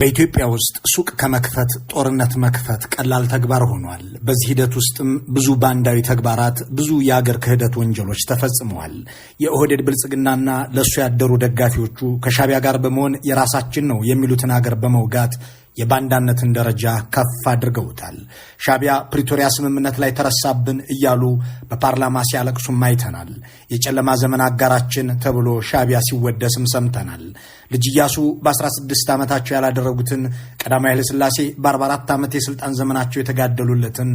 በኢትዮጵያ ውስጥ ሱቅ ከመክፈት ጦርነት መክፈት ቀላል ተግባር ሆኗል። በዚህ ሂደት ውስጥም ብዙ ባንዳዊ ተግባራት፣ ብዙ የአገር ክህደት ወንጀሎች ተፈጽመዋል። የኦህዴድ ብልጽግናና ለእሱ ያደሩ ደጋፊዎቹ ከሻቢያ ጋር በመሆን የራሳችን ነው የሚሉትን አገር በመውጋት የባንዳነትን ደረጃ ከፍ አድርገውታል። ሻቢያ ፕሪቶሪያ ስምምነት ላይ ተረሳብን እያሉ በፓርላማ ሲያለቅሱም አይተናል። የጨለማ ዘመን አጋራችን ተብሎ ሻቢያ ሲወደስም ሰምተናል። ልጅ እያሱ በ16 ዓመታቸው ያላደረጉትን ቀዳማዊ ኃይለሥላሴ በ44 ዓመት የሥልጣን ዘመናቸው የተጋደሉለትን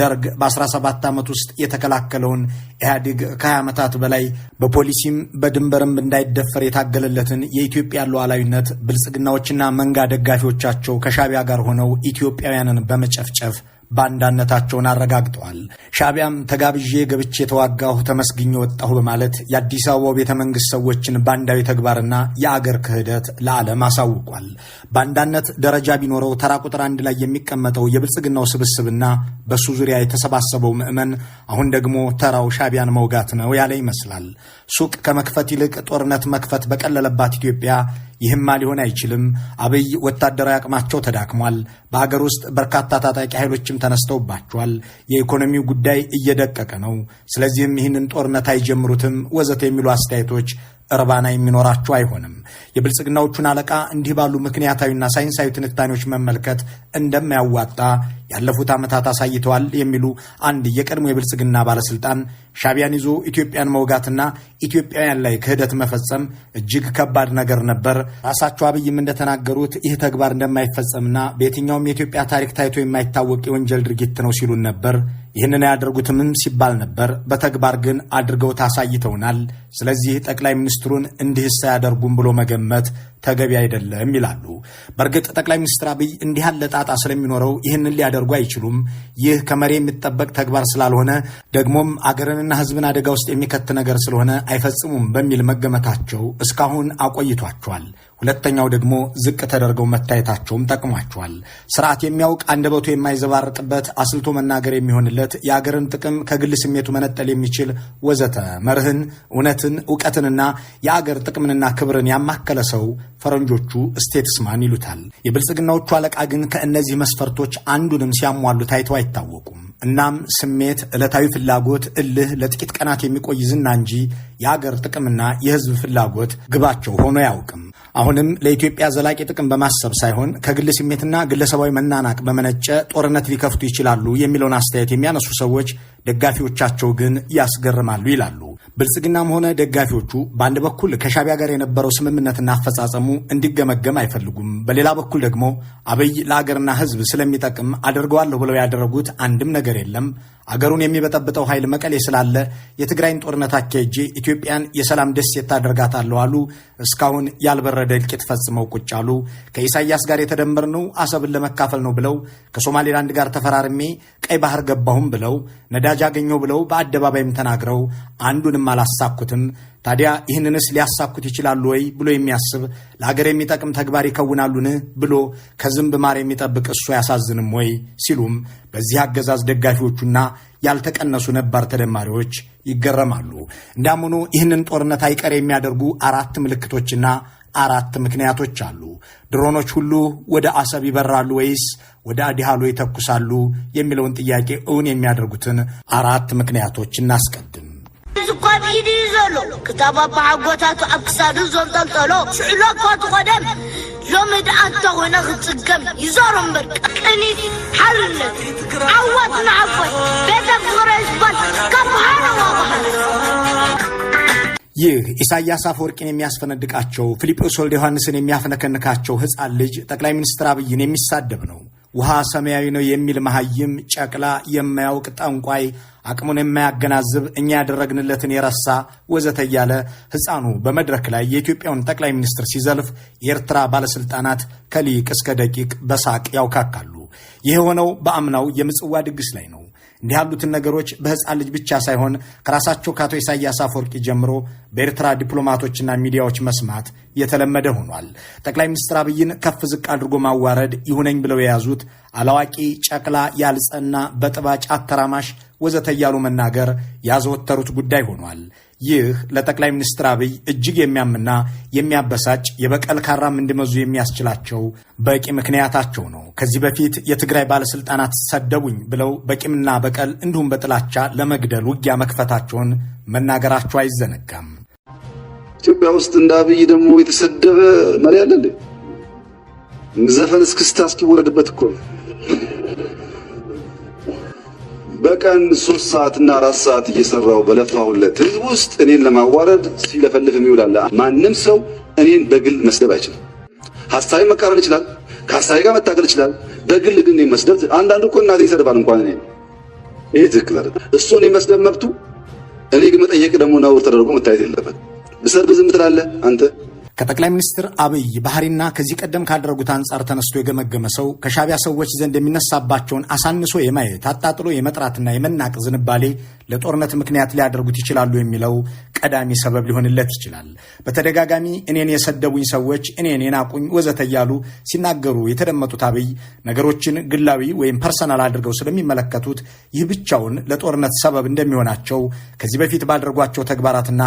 ደርግ በ17 ዓመት ውስጥ የተከላከለውን ኢህአዴግ ከ20 ዓመታት በላይ በፖሊሲም በድንበርም እንዳይደፈር የታገለለትን የኢትዮጵያ ሉዓላዊነት ብልጽግናዎችና መንጋ ደጋፊዎቻቸው ከሻቢያ ጋር ሆነው ኢትዮጵያውያንን በመጨፍጨፍ ባንዳነታቸውን አረጋግጠዋል። ሻቢያም ተጋብዤ ገብቼ የተዋጋሁ ተመስግኝ ወጣሁ በማለት የአዲስ አበባው ቤተ ሰዎችን ባንዳዊ ተግባርና የአገር ክህደት ለዓለም አሳውቋል። ባንዳነት ደረጃ ቢኖረው ተራ ቁጥር አንድ ላይ የሚቀመጠው የብልጽግናው ስብስብና በሱ ዙሪያ የተሰባሰበው ምዕመን አሁን ደግሞ ተራው ሻቢያን መውጋት ነው ያለ ይመስላል። ሱቅ ከመክፈት ይልቅ ጦርነት መክፈት በቀለለባት ኢትዮጵያ ይህማ ሊሆን አይችልም። አብይ ወታደራዊ አቅማቸው ተዳክሟል። በሀገር ውስጥ በርካታ ታጣቂ ኃይሎችም ተነስተውባቸዋል። የኢኮኖሚው ጉዳይ እየደቀቀ ነው። ስለዚህም ይህንን ጦርነት አይጀምሩትም ወዘተ የሚሉ አስተያየቶች እርባና የሚኖራቸው አይሆንም። የብልጽግናዎቹን አለቃ እንዲህ ባሉ ምክንያታዊና ሳይንሳዊ ትንታኔዎች መመልከት እንደማያዋጣ ያለፉት ዓመታት አሳይተዋል የሚሉ አንድ የቀድሞ የብልጽግና ባለስልጣን ሻቢያን ይዞ ኢትዮጵያን መውጋትና ኢትዮጵያውያን ላይ ክህደት መፈጸም እጅግ ከባድ ነገር ነበር። ራሳቸው አብይም እንደተናገሩት ይህ ተግባር እንደማይፈጸምና በየትኛውም የኢትዮጵያ ታሪክ ታይቶ የማይታወቅ የወንጀል ድርጊት ነው ሲሉን ነበር ይህንን ያደርጉትምም ሲባል ነበር። በተግባር ግን አድርገው ታሳይተውናል። ስለዚህ ጠቅላይ ሚኒስትሩን እንዲህ ሳያደርጉም ብሎ መገመት ተገቢ አይደለም ይላሉ። በእርግጥ ጠቅላይ ሚኒስትር አብይ እንዲህ ያለ ጣጣ ስለሚኖረው ይህንን ሊያደርጉ አይችሉም። ይህ ከመሪ የሚጠበቅ ተግባር ስላልሆነ ደግሞም አገርንና ሕዝብን አደጋ ውስጥ የሚከት ነገር ስለሆነ አይፈጽሙም በሚል መገመታቸው እስካሁን አቆይቷቸዋል። ሁለተኛው ደግሞ ዝቅ ተደርገው መታየታቸውም ጠቅሟቸዋል። ስርዓት የሚያውቅ አንደበቱ የማይዘባርቅበት አስልቶ መናገር የሚሆንለት የአገርን ጥቅም ከግል ስሜቱ መነጠል የሚችል ወዘተ መርህን፣ እውነትን፣ እውቀትንና የአገር ጥቅምንና ክብርን ያማከለ ሰው ፈረንጆቹ ስቴትስማን ይሉታል። የብልጽግናዎቹ አለቃ ግን ከእነዚህ መስፈርቶች አንዱንም ሲያሟሉ ታይተው አይታወቁም። እናም ስሜት፣ ዕለታዊ ፍላጎት፣ እልህ ለጥቂት ቀናት የሚቆይ ዝና እንጂ የአገር ጥቅምና የሕዝብ ፍላጎት ግባቸው ሆኖ አያውቅም። አሁንም ለኢትዮጵያ ዘላቂ ጥቅም በማሰብ ሳይሆን ከግል ስሜትና ግለሰባዊ መናናቅ በመነጨ ጦርነት ሊከፍቱ ይችላሉ የሚለውን አስተያየት የሚያነሱ ሰዎች ደጋፊዎቻቸው ግን ያስገርማሉ ይላሉ። ብልጽግናም ሆነ ደጋፊዎቹ በአንድ በኩል ከሻቢያ ጋር የነበረው ስምምነትና አፈጻጸሙ እንዲገመገም አይፈልጉም። በሌላ በኩል ደግሞ አብይ ለአገርና ሕዝብ ስለሚጠቅም አድርገዋለሁ ብለው ያደረጉት አንድም ነገር የለም። አገሩን የሚበጠብጠው ኃይል መቀሌ ስላለ የትግራይን ጦርነት አካሄጄ ኢትዮጵያን የሰላም ደሴት ታደርጋታለሁ አሉ። እስካሁን ያልበረደ እልቂት ፈጽመው ቁጭ አሉ። ከኢሳያስ ጋር የተደመርነው አሰብን ለመካፈል ነው ብለው ከሶማሌላንድ ጋር ተፈራርሜ ቀይ ባህር ገባሁም ብለው ነዳጅ አገኘው ብለው በአደባባይም ተናግረው አንዱንም አላሳኩትም፣ ታዲያ ይህንንስ ሊያሳኩት ይችላሉ ወይ ብሎ የሚያስብ ለአገር የሚጠቅም ተግባር ይከውናሉን ብሎ ከዝንብ ማር የሚጠብቅ እሱ አያሳዝንም ወይ ሲሉም በዚህ አገዛዝ ደጋፊዎቹና ያልተቀነሱ ነባር ተደማሪዎች ይገረማሉ። እንዳምኑ ይህንን ጦርነት አይቀር የሚያደርጉ አራት ምልክቶችና አራት ምክንያቶች አሉ። ድሮኖች ሁሉ ወደ አሰብ ይበራሉ ወይስ ወደ አዲሃሎ ይተኩሳሉ የሚለውን ጥያቄ እውን የሚያደርጉትን አራት ምክንያቶች እናስቀድም። እዚ ብኢድ እዩ ዘሎ ኣብ ክሳዱ ዘንጠልጠሎ ሽዕሎ እኳ ሎሚ ይዘሮ እምበር ሓርነት ቤተ ዝበል ይህ ኢሳያስ አፈወርቂን የሚያስፈነድቃቸው ፊልጶስ ወልደ ዮሐንስን የሚያፍነከንካቸው ሕፃን ልጅ ጠቅላይ ሚኒስትር አብይን የሚሳደብ ነው። ውሃ ሰማያዊ ነው የሚል መሐይም ጨቅላ የማያውቅ ጠንቋይ አቅሙን የማያገናዝብ እኛ ያደረግንለትን የረሳ ወዘተ እያለ ህፃኑ በመድረክ ላይ የኢትዮጵያውን ጠቅላይ ሚኒስትር ሲዘልፍ የኤርትራ ባለስልጣናት ከሊቅ እስከ ደቂቅ በሳቅ ያውካካሉ። ይህ የሆነው በአምናው የምጽዋ ድግስ ላይ ነው። እንዲህ ያሉትን ነገሮች በህፃን ልጅ ብቻ ሳይሆን ከራሳቸው ከአቶ ኢሳያስ አፈወርቂ ጀምሮ በኤርትራ ዲፕሎማቶችና ሚዲያዎች መስማት የተለመደ ሆኗል። ጠቅላይ ሚኒስትር አብይን ከፍ ዝቅ አድርጎ ማዋረድ ይሁነኝ ብለው የያዙት አላዋቂ፣ ጨቅላ፣ ያልጸና፣ በጥባጭ አተራማሽ ወዘተ እያሉ መናገር ያዘወተሩት ጉዳይ ሆኗል። ይህ ለጠቅላይ ሚኒስትር አብይ እጅግ የሚያምና የሚያበሳጭ የበቀል ካራም እንዲመዙ የሚያስችላቸው በቂ ምክንያታቸው ነው። ከዚህ በፊት የትግራይ ባለስልጣናት ሰደቡኝ ብለው በቂምና በቀል እንዲሁም በጥላቻ ለመግደል ውጊያ መክፈታቸውን መናገራቸው አይዘነጋም። ኢትዮጵያ ውስጥ እንደ አብይ ደግሞ የተሰደበ መሪ አለ። ዘፈን እስክስታ እስኪወረድበት እኮ በቀን ሶስት ሰዓትና አራት ሰዓት እየሰራው በለፋሁለት ህዝብ ውስጥ እኔን ለማዋረድ ሲለፈልፍ የሚውላለ ማንም ሰው እኔን በግል መስደብ አይችልም። ሀሳቢ መቃረን ይችላል፣ ከሀሳቢ ጋር መታገል ይችላል። በግል ግን እኔን መስደብ አንዳንዱ እኮ እናቴ ይሰድባል እንኳን እኔ ይሄ ትክክል አይደለም። እሱ እኔን መስደብ መብቱ፣ እኔ ግን መጠየቅ ደግሞ ነውር ተደርጎ መታየት የለበት። ብሰድብ ዝም ትላለህ አንተ ከጠቅላይ ሚኒስትር አብይ ባህሪና ከዚህ ቀደም ካደረጉት አንጻር ተነስቶ የገመገመ ሰው ከሻቢያ ሰዎች ዘንድ የሚነሳባቸውን አሳንሶ የማየት አጣጥሎ የመጥራትና የመናቅ ዝንባሌ ለጦርነት ምክንያት ሊያደርጉት ይችላሉ የሚለው ቀዳሚ ሰበብ ሊሆንለት ይችላል። በተደጋጋሚ እኔን የሰደቡኝ ሰዎች፣ እኔን የናቁኝ ወዘተ እያሉ ሲናገሩ የተደመጡት አብይ ነገሮችን ግላዊ ወይም ፐርሰናል አድርገው ስለሚመለከቱት ይህ ብቻውን ለጦርነት ሰበብ እንደሚሆናቸው ከዚህ በፊት ባደረጓቸው ተግባራትና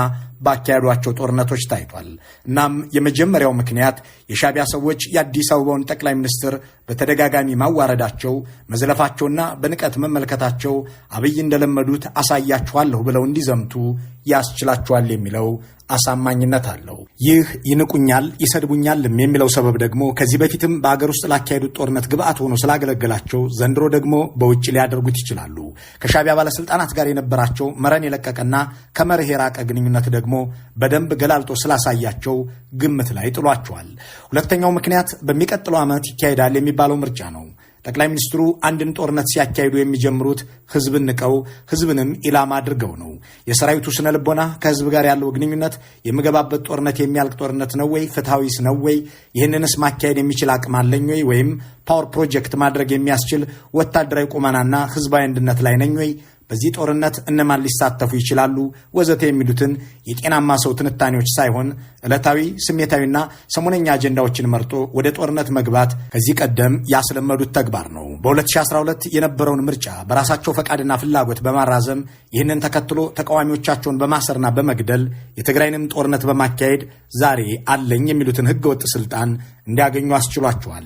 ባካሄዷቸው ጦርነቶች ታይቷል። እናም የመጀመሪያው ምክንያት የሻቢያ ሰዎች የአዲስ አበባውን ጠቅላይ ሚኒስትር በተደጋጋሚ ማዋረዳቸው፣ መዝለፋቸውና በንቀት መመልከታቸው አብይ እንደለመዱት አሳያችኋለሁ ብለው እንዲዘምቱ ያስችላችኋል የሚለው አሳማኝነት አለው። ይህ ይንቁኛል፣ ይሰድቡኛልም የሚለው ሰበብ ደግሞ ከዚህ በፊትም በአገር ውስጥ ላካሄዱት ጦርነት ግብአት ሆኖ ስላገለገላቸው ዘንድሮ ደግሞ በውጭ ሊያደርጉት ይችላሉ። ከሻቢያ ባለስልጣናት ጋር የነበራቸው መረን የለቀቀና ከመርህ የራቀ ግንኙነት ደግሞ በደንብ ገላልጦ ስላሳያቸው ግምት ላይ ጥሏቸዋል። ሁለተኛው ምክንያት በሚቀጥለው ዓመት ይካሄዳል የሚባለው ምርጫ ነው። ጠቅላይ ሚኒስትሩ አንድን ጦርነት ሲያካሂዱ የሚጀምሩት ህዝብን ንቀው ህዝብንም ኢላማ አድርገው ነው። የሰራዊቱ ስነ ልቦና ከህዝብ ጋር ያለው ግንኙነት የምገባበት ጦርነት የሚያልቅ ጦርነት ነው ወይ? ፍትሐዊስ ነው ወይ? ይህንንስ ማካሄድ የሚችል አቅም አለኝ ወይ? ወይም ፓወር ፕሮጀክት ማድረግ የሚያስችል ወታደራዊ ቁመናና ህዝባዊ አንድነት ላይ ነኝ ወይ? በዚህ ጦርነት እነማን ሊሳተፉ ይችላሉ ወዘተ የሚሉትን የጤናማ ሰው ትንታኔዎች ሳይሆን ዕለታዊ ስሜታዊና ሰሞነኛ አጀንዳዎችን መርጦ ወደ ጦርነት መግባት ከዚህ ቀደም ያስለመዱት ተግባር ነው። በ2012 የነበረውን ምርጫ በራሳቸው ፈቃድና ፍላጎት በማራዘም ይህንን ተከትሎ ተቃዋሚዎቻቸውን በማሰርና በመግደል የትግራይንም ጦርነት በማካሄድ ዛሬ አለኝ የሚሉትን ህገወጥ ስልጣን እንዲያገኙ አስችሏቸዋል።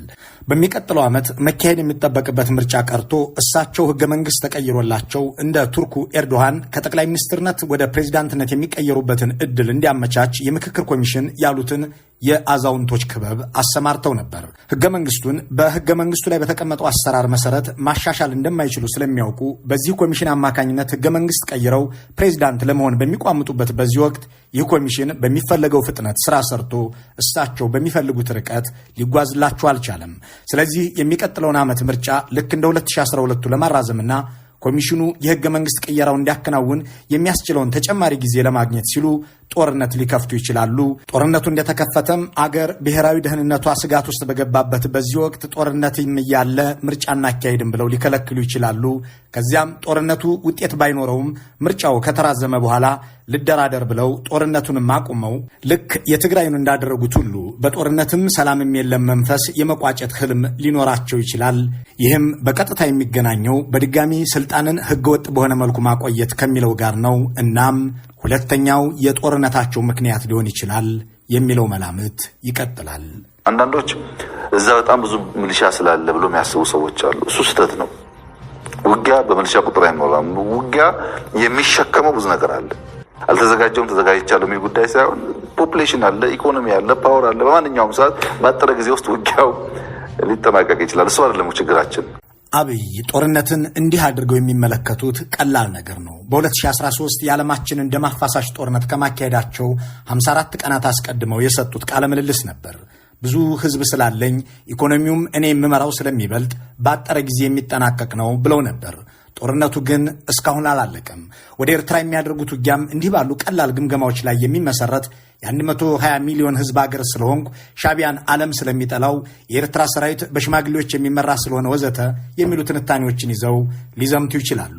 በሚቀጥለው ዓመት መካሄድ የሚጠበቅበት ምርጫ ቀርቶ እሳቸው ህገ መንግስት ተቀይሮላቸው እንደ ቱርኩ ኤርዶሃን ከጠቅላይ ሚኒስትርነት ወደ ፕሬዚዳንትነት የሚቀየሩበትን እድል እንዲያመቻች የምክክር ኮሚሽን ያሉትን የአዛውንቶች ክበብ አሰማርተው ነበር። ህገ መንግስቱን በህገ መንግስቱ ላይ በተቀመጠው አሰራር መሰረት ማሻሻል እንደማይችሉ ስለሚያውቁ በዚህ ኮሚሽን አማካኝነት ህገ መንግስት ቀይረው ፕሬዚዳንት ለመሆን በሚቋምጡበት በዚህ ወቅት ይህ ኮሚሽን በሚፈለገው ፍጥነት ስራ ሰርቶ እሳቸው በሚፈልጉት ርቀት ሊጓዝላቸው አልቻለም። ስለዚህ የሚቀጥለውን ዓመት ምርጫ ልክ እንደ 2012ቱ ለማራዘምና ኮሚሽኑ የህገ መንግስት ቅየራው እንዲያከናውን የሚያስችለውን ተጨማሪ ጊዜ ለማግኘት ሲሉ ጦርነት ሊከፍቱ ይችላሉ። ጦርነቱ እንደተከፈተም አገር ብሔራዊ ደህንነቷ ስጋት ውስጥ በገባበት በዚህ ወቅት ጦርነትም እያለ ምርጫ እናካሄድም ብለው ሊከለክሉ ይችላሉ። ከዚያም ጦርነቱ ውጤት ባይኖረውም ምርጫው ከተራዘመ በኋላ ልደራደር ብለው ጦርነቱንም አቁመው ልክ የትግራይን እንዳደረጉት ሁሉ በጦርነትም ሰላምም የለም መንፈስ የመቋጨት ህልም ሊኖራቸው ይችላል። ይህም በቀጥታ የሚገናኘው በድጋሚ ስልጣንን ህገወጥ በሆነ መልኩ ማቆየት ከሚለው ጋር ነው። እናም ሁለተኛው የጦርነታቸው ምክንያት ሊሆን ይችላል የሚለው መላምት ይቀጥላል። አንዳንዶች እዛ በጣም ብዙ ሚሊሻ ስላለ ብሎ የሚያስቡ ሰዎች አሉ። እሱ ስህተት ነው። ውጊያ በሚሊሻ ቁጥር አይኖራ ውጊያ የሚሸከመው ብዙ ነገር አለ። አልተዘጋጀውም ተዘጋጅቻለሁ የሚል ጉዳይ ሳይሆን ፖፕሌሽን አለ፣ ኢኮኖሚ አለ፣ ፓወር አለ። በማንኛውም ሰዓት በአጠረ ጊዜ ውስጥ ውጊያው ሊጠናቀቅ ይችላል። እሱ አይደለም ችግራችን። አብይ ጦርነትን እንዲህ አድርገው የሚመለከቱት ቀላል ነገር ነው። በ2013 የዓለማችንን ደም አፋሳሽ ጦርነት ከማካሄዳቸው 54 ቀናት አስቀድመው የሰጡት ቃለ ምልልስ ነበር። ብዙ ህዝብ ስላለኝ ኢኮኖሚውም እኔ የምመራው ስለሚበልጥ ባጠረ ጊዜ የሚጠናቀቅ ነው ብለው ነበር። ጦርነቱ ግን እስካሁን አላለቀም። ወደ ኤርትራ የሚያደርጉት ውጊያም እንዲህ ባሉ ቀላል ግምገማዎች ላይ የሚመሰረት የ120 ሚሊዮን ሕዝብ አገር ስለሆንኩ ሻቢያን ዓለም ስለሚጠላው የኤርትራ ሰራዊት በሽማግሌዎች የሚመራ ስለሆነ ወዘተ የሚሉ ትንታኔዎችን ይዘው ሊዘምቱ ይችላሉ።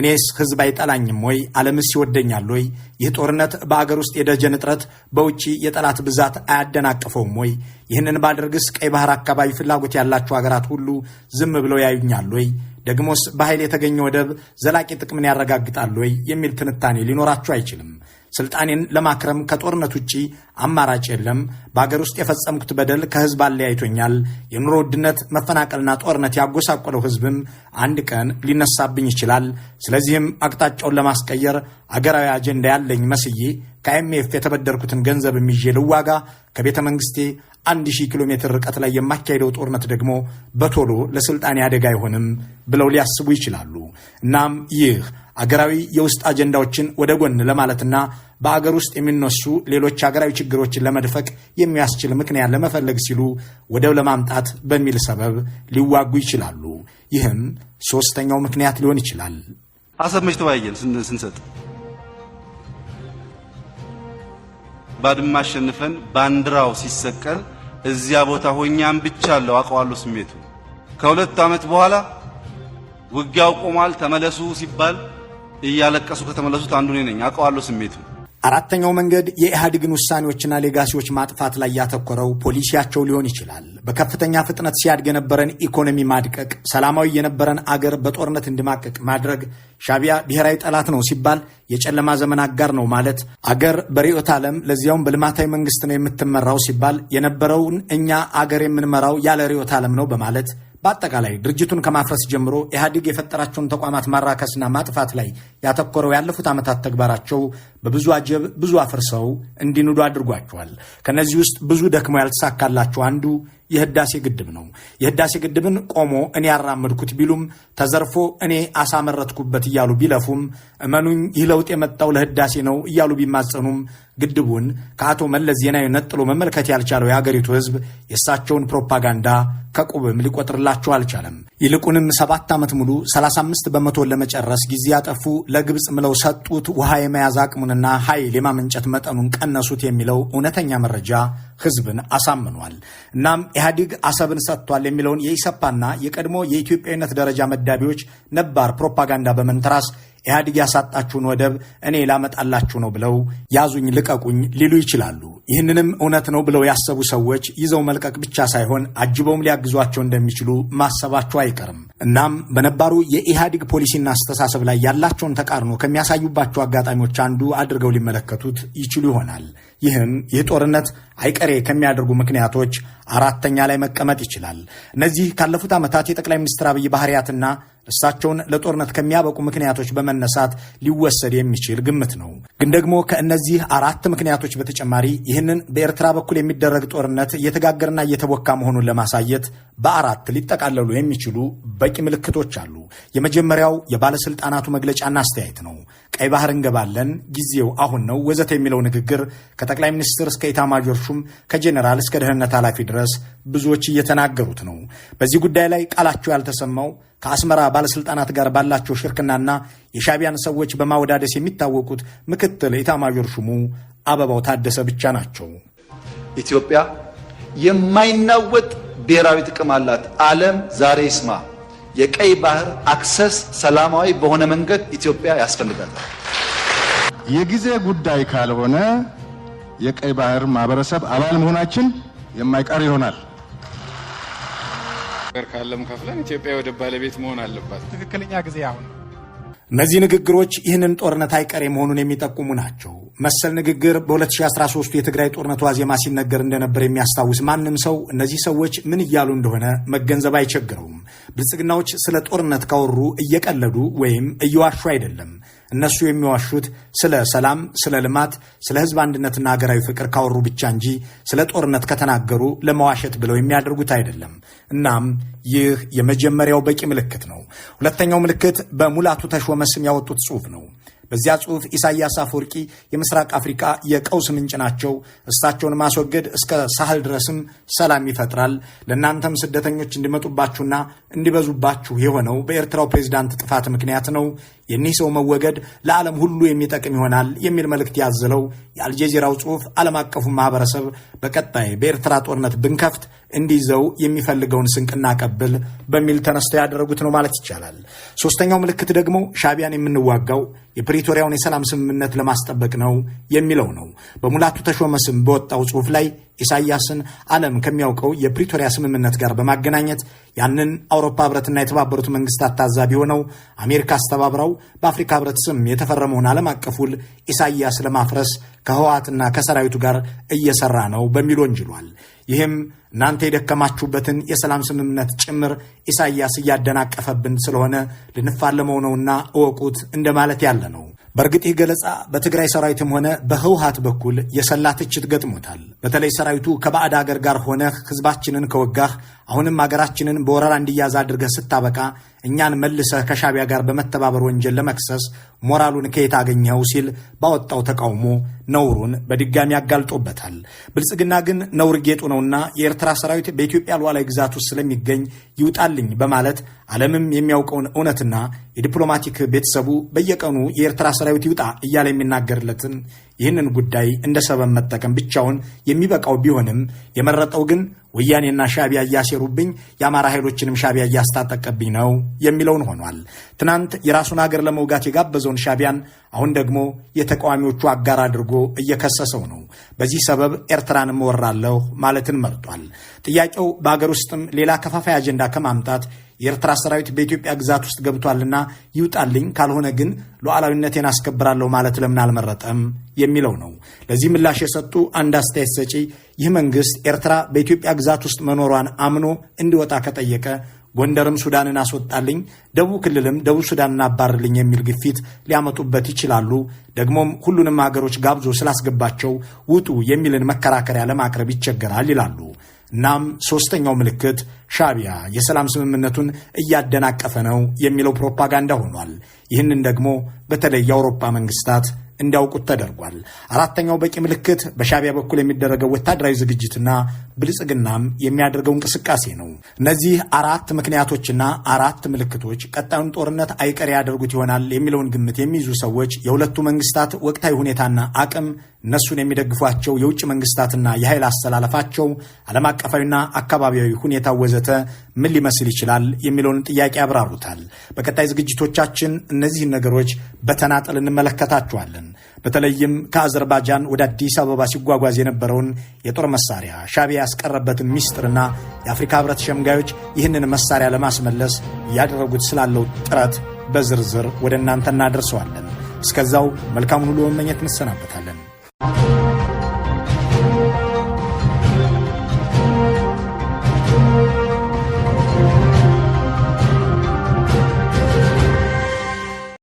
እኔስ ሕዝብ አይጠላኝም ወይ? ዓለምስ ይወደኛል ወይ? ይህ ጦርነት በአገር ውስጥ የደጀን እጥረት፣ በውጭ የጠላት ብዛት አያደናቅፈውም ወይ? ይህንን ባደርግስ ቀይ ባህር አካባቢ ፍላጎት ያላቸው ሀገራት ሁሉ ዝም ብለው ያዩኛል ወይ? ደግሞስ በኃይል የተገኘ ወደብ ዘላቂ ጥቅምን ያረጋግጣል ወይ የሚል ትንታኔ ሊኖራቸው አይችልም። ስልጣኔን ለማክረም ከጦርነት ውጪ አማራጭ የለም። በአገር ውስጥ የፈጸምኩት በደል ከህዝብ አለያይቶኛል። የኑሮ ውድነት፣ መፈናቀልና ጦርነት ያጎሳቆለው ህዝብም አንድ ቀን ሊነሳብኝ ይችላል። ስለዚህም አቅጣጫውን ለማስቀየር አገራዊ አጀንዳ ያለኝ መስዬ ከአይምኤፍ የተበደርኩትን ገንዘብ ይዤ ልዋጋ፣ ከቤተ መንግስቴ አንድ ሺህ ኪሎ ሜትር ርቀት ላይ የማካሄደው ጦርነት ደግሞ በቶሎ ለስልጣኔ አደጋ አይሆንም ብለው ሊያስቡ ይችላሉ። እናም ይህ አገራዊ የውስጥ አጀንዳዎችን ወደ ጎን ለማለትና በአገር ውስጥ የሚነሱ ሌሎች አገራዊ ችግሮችን ለመድፈቅ የሚያስችል ምክንያት ለመፈለግ ሲሉ ወደብ ለማምጣት በሚል ሰበብ ሊዋጉ ይችላሉ። ይህም ሶስተኛው ምክንያት ሊሆን ይችላል። አሰብ መች ተወያየን ስንሰጥ ባድማ አሸንፈን ባንዲራው ሲሰቀል እዚያ ቦታ ሆኛም ብቻ አለው አውቀዋለሁ ስሜቱ። ከሁለት ዓመት በኋላ ውጊያው ቆሟል ተመለሱ ሲባል እያለቀሱ ከተመለሱት አንዱ እኔ ነኝ። አውቀዋለሁ ስሜቱ። አራተኛው መንገድ የኢህአዴግን ውሳኔዎችና ሌጋሲዎች ማጥፋት ላይ ያተኮረው ፖሊሲያቸው ሊሆን ይችላል። በከፍተኛ ፍጥነት ሲያድግ የነበረን ኢኮኖሚ ማድቀቅ፣ ሰላማዊ የነበረን አገር በጦርነት እንዲማቀቅ ማድረግ፣ ሻቢያ ብሔራዊ ጠላት ነው ሲባል የጨለማ ዘመን አጋር ነው ማለት፣ አገር በርዕዮተ ዓለም ለዚያውም በልማታዊ መንግስት ነው የምትመራው ሲባል የነበረውን እኛ አገር የምንመራው ያለ ርዕዮተ ዓለም ነው በማለት በአጠቃላይ ድርጅቱን ከማፍረስ ጀምሮ ኢህአዲግ የፈጠራቸውን ተቋማት ማራከስና ማጥፋት ላይ ያተኮረው ያለፉት ዓመታት ተግባራቸው በብዙ አጀብ ብዙ አፍርሰው እንዲንዱ አድርጓቸዋል። ከነዚህ ውስጥ ብዙ ደክሞ ያልተሳካላቸው አንዱ የህዳሴ ግድብ ነው። የህዳሴ ግድብን ቆሞ እኔ ያራመድኩት ቢሉም ተዘርፎ እኔ አሳመረትኩበት እያሉ ቢለፉም እመኑኝ ይህ ለውጥ የመጣው ለህዳሴ ነው እያሉ ቢማጸኑም ግድቡን ከአቶ መለስ ዜናዊ ነጥሎ መመልከት ያልቻለው የአገሪቱ ህዝብ የእሳቸውን ፕሮፓጋንዳ ከቁብም ሊቆጥርላቸው አልቻለም። ይልቁንም ሰባት ዓመት ሙሉ 35 በመቶን ለመጨረስ ጊዜ ያጠፉ ለግብፅ ምለው ሰጡት፣ ውሃ የመያዝ አቅሙንና ኃይል የማመንጨት መጠኑን ቀነሱት የሚለው እውነተኛ መረጃ ህዝብን አሳምኗል። እናም ኢህአዲግ አሰብን ሰጥቷል የሚለውን የኢሰፓና የቀድሞ የኢትዮጵያዊነት ደረጃ መዳቢዎች ነባር ፕሮፓጋንዳ በመንተራስ ኢህአዲግ ያሳጣችሁን ወደብ እኔ ላመጣላችሁ ነው ብለው ያዙኝ ልቀቁኝ ሊሉ ይችላሉ። ይህንንም እውነት ነው ብለው ያሰቡ ሰዎች ይዘው መልቀቅ ብቻ ሳይሆን አጅበውም ሊያግዟቸው እንደሚችሉ ማሰባቸው አይቀርም። እናም በነባሩ የኢህአዴግ ፖሊሲና አስተሳሰብ ላይ ያላቸውን ተቃርኖ ከሚያሳዩባቸው አጋጣሚዎች አንዱ አድርገው ሊመለከቱት ይችሉ ይሆናል። ይህም ይህ ጦርነት አይቀሬ ከሚያደርጉ ምክንያቶች አራተኛ ላይ መቀመጥ ይችላል። እነዚህ ካለፉት ዓመታት የጠቅላይ ሚኒስትር አብይ ባህሪያትና እሳቸውን ለጦርነት ከሚያበቁ ምክንያቶች በመነሳት ሊወሰድ የሚችል ግምት ነው። ግን ደግሞ ከእነዚህ አራት ምክንያቶች በተጨማሪ ይህንን በኤርትራ በኩል የሚደረግ ጦርነት እየተጋገርና እየተቦካ መሆኑን ለማሳየት በአራት ሊጠቃለሉ የሚችሉ በቂ ምልክቶች አሉ። የመጀመሪያው የባለስልጣናቱ መግለጫና አስተያየት ነው። ቀይ ባህር እንገባለን፣ ጊዜው አሁን ነው ወዘተ የሚለው ንግግር ከጠቅላይ ሚኒስትር እስከ ኢታማዦር ሹም ከጄኔራል እስከ ደህንነት ኃላፊ ድረስ ብዙዎች እየተናገሩት ነው። በዚህ ጉዳይ ላይ ቃላቸው ያልተሰማው ከአስመራ ባለስልጣናት ጋር ባላቸው ሽርክናና የሻቢያን ሰዎች በማወዳደስ የሚታወቁት ምክትል ኢታማዦር ሹሙ አበባው ታደሰ ብቻ ናቸው። ኢትዮጵያ የማይናወጥ ብሔራዊ ጥቅም አላት። ዓለም ዛሬ ይስማ። የቀይ ባህር አክሰስ ሰላማዊ በሆነ መንገድ ኢትዮጵያ ያስፈልጋታል። የጊዜ ጉዳይ ካልሆነ የቀይ ባህር ማህበረሰብ አባል መሆናችን የማይቀር ይሆናል። ካለም ከፍለን ኢትዮጵያ ወደብ ባለቤት መሆን አለባት። ትክክለኛ ጊዜ አሁን። እነዚህ ንግግሮች ይህንን ጦርነት አይቀሬ መሆኑን የሚጠቁሙ ናቸው። መሰል ንግግር በ2013 የትግራይ ጦርነት ዋዜማ ሲነገር እንደነበር የሚያስታውስ ማንም ሰው እነዚህ ሰዎች ምን እያሉ እንደሆነ መገንዘብ አይቸግረውም። ብልጽግናዎች ስለ ጦርነት ካወሩ እየቀለዱ ወይም እየዋሹ አይደለም። እነሱ የሚዋሹት ስለ ሰላም፣ ስለ ልማት፣ ስለ ህዝብ አንድነትና ሀገራዊ ፍቅር ካወሩ ብቻ እንጂ ስለ ጦርነት ከተናገሩ ለመዋሸት ብለው የሚያደርጉት አይደለም። እናም ይህ የመጀመሪያው በቂ ምልክት ነው። ሁለተኛው ምልክት በሙላቱ ተሾመ ስም ያወጡት ጽሑፍ ነው። በዚያ ጽሑፍ ኢሳያስ አፈወርቂ የምስራቅ አፍሪካ የቀውስ ምንጭ ናቸው፣ እሳቸውን ማስወገድ እስከ ሳህል ድረስም ሰላም ይፈጥራል፣ ለእናንተም ስደተኞች እንዲመጡባችሁና እንዲበዙባችሁ የሆነው በኤርትራው ፕሬዚዳንት ጥፋት ምክንያት ነው፣ የኒህ ሰው መወገድ ለዓለም ሁሉ የሚጠቅም ይሆናል የሚል መልእክት ያዘለው የአልጀዚራው ጽሑፍ ዓለም አቀፉ ማህበረሰብ በቀጣይ በኤርትራ ጦርነት ብንከፍት እንዲይዘው የሚፈልገውን ስንቅ እናቀብል በሚል ተነስተው ያደረጉት ነው ማለት ይቻላል። ሶስተኛው ምልክት ደግሞ ሻቢያን የምንዋጋው የፕሪቶሪያውን የሰላም ስምምነት ለማስጠበቅ ነው የሚለው ነው። በሙላቱ ተሾመ ስም በወጣው ጽሑፍ ላይ ኢሳያስን ዓለም ከሚያውቀው የፕሪቶሪያ ስምምነት ጋር በማገናኘት ያንን አውሮፓ ህብረትና የተባበሩት መንግስታት ታዛቢ ሆነው አሜሪካ አስተባብረው በአፍሪካ ህብረት ስም የተፈረመውን ዓለም አቀፍ ውል ኢሳያስ ለማፍረስ ከህወሓትና ከሰራዊቱ ጋር እየሰራ ነው በሚል ወንጅሏል። ይህም እናንተ የደከማችሁበትን የሰላም ስምምነት ጭምር ኢሳያስ እያደናቀፈብን ስለሆነ ልንፋለመው ነውና እወቁት እንደማለት ያለ ነው። በእርግጥ ይህ ገለጻ በትግራይ ሰራዊትም ሆነ በህውሃት በኩል የሰላ ትችት ገጥሞታል። በተለይ ሰራዊቱ ከባዕድ አገር ጋር ሆነህ ህዝባችንን ከወጋህ፣ አሁንም አገራችንን በወረራ እንዲያዝ አድርገህ ስታበቃ እኛን መልሰህ ከሻቢያ ጋር በመተባበር ወንጀል ለመክሰስ ሞራሉን ከየት አገኘኸው ሲል ባወጣው ተቃውሞ ነውሩን በድጋሚ ያጋልጦበታል። ብልጽግና ግን ነውር ጌጡ ነውና የኤርትራ ሰራዊት በኢትዮጵያ ሉዓላዊ ግዛት ውስጥ ስለሚገኝ ይውጣልኝ በማለት ዓለምም የሚያውቀውን እውነትና የዲፕሎማቲክ ቤተሰቡ በየቀኑ የኤርትራ ሰራዊት ይውጣ እያለ የሚናገርለትን ይህንን ጉዳይ እንደ ሰበብ መጠቀም ብቻውን የሚበቃው ቢሆንም የመረጠው ግን ወያኔና ሻቢያ እያሴሩብኝ የአማራ ኃይሎችንም ሻቢያ እያስታጠቀብኝ ነው የሚለውን ሆኗል። ትናንት የራሱን ሀገር ለመውጋት የጋበዘውን ሻቢያን አሁን ደግሞ የተቃዋሚዎቹ አጋር አድርጎ እየከሰሰው ነው። በዚህ ሰበብ ኤርትራን እወራለሁ ማለትን መርጧል። ጥያቄው በአገር ውስጥም ሌላ ከፋፋይ አጀንዳ ከማምጣት የኤርትራ ሰራዊት በኢትዮጵያ ግዛት ውስጥ ገብቷልና ይውጣልኝ፣ ካልሆነ ግን ሉዓላዊነቴን አስከብራለሁ ማለት ለምን አልመረጠም የሚለው ነው። ለዚህ ምላሽ የሰጡ አንድ አስተያየት ሰጪ ይህ መንግስት ኤርትራ በኢትዮጵያ ግዛት ውስጥ መኖሯን አምኖ እንዲወጣ ከጠየቀ ጎንደርም ሱዳንን አስወጣልኝ፣ ደቡብ ክልልም ደቡብ ሱዳንን አባርልኝ የሚል ግፊት ሊያመጡበት ይችላሉ። ደግሞም ሁሉንም ሀገሮች ጋብዞ ስላስገባቸው ውጡ የሚልን መከራከሪያ ለማቅረብ ይቸገራል ይላሉ። እናም ሶስተኛው ምልክት ሻቢያ የሰላም ስምምነቱን እያደናቀፈ ነው የሚለው ፕሮፓጋንዳ ሆኗል። ይህንን ደግሞ በተለይ የአውሮፓ መንግስታት እንዲያውቁት ተደርጓል። አራተኛው በቂ ምልክት በሻቢያ በኩል የሚደረገው ወታደራዊ ዝግጅትና ብልጽግናም የሚያደርገው እንቅስቃሴ ነው። እነዚህ አራት ምክንያቶችና አራት ምልክቶች ቀጣዩን ጦርነት አይቀር ያደርጉት ይሆናል የሚለውን ግምት የሚይዙ ሰዎች የሁለቱ መንግስታት ወቅታዊ ሁኔታና አቅም እነሱን የሚደግፏቸው የውጭ መንግስታትና የኃይል አስተላለፋቸው፣ ዓለም አቀፋዊና አካባቢያዊ ሁኔታ ወዘተ ምን ሊመስል ይችላል የሚለውን ጥያቄ ያብራሩታል። በቀጣይ ዝግጅቶቻችን እነዚህን ነገሮች በተናጠል እንመለከታቸዋለን። በተለይም ከአዘርባጃን ወደ አዲስ አበባ ሲጓጓዝ የነበረውን የጦር መሳሪያ ሻቢያ ያስቀረበትን ሚስጥርና የአፍሪካ ህብረት ሸምጋዮች ይህንን መሳሪያ ለማስመለስ እያደረጉት ስላለው ጥረት በዝርዝር ወደ እናንተ እናደርሰዋለን። እስከዛው መልካሙን ሁሉ መመኘት እንሰናበታለን።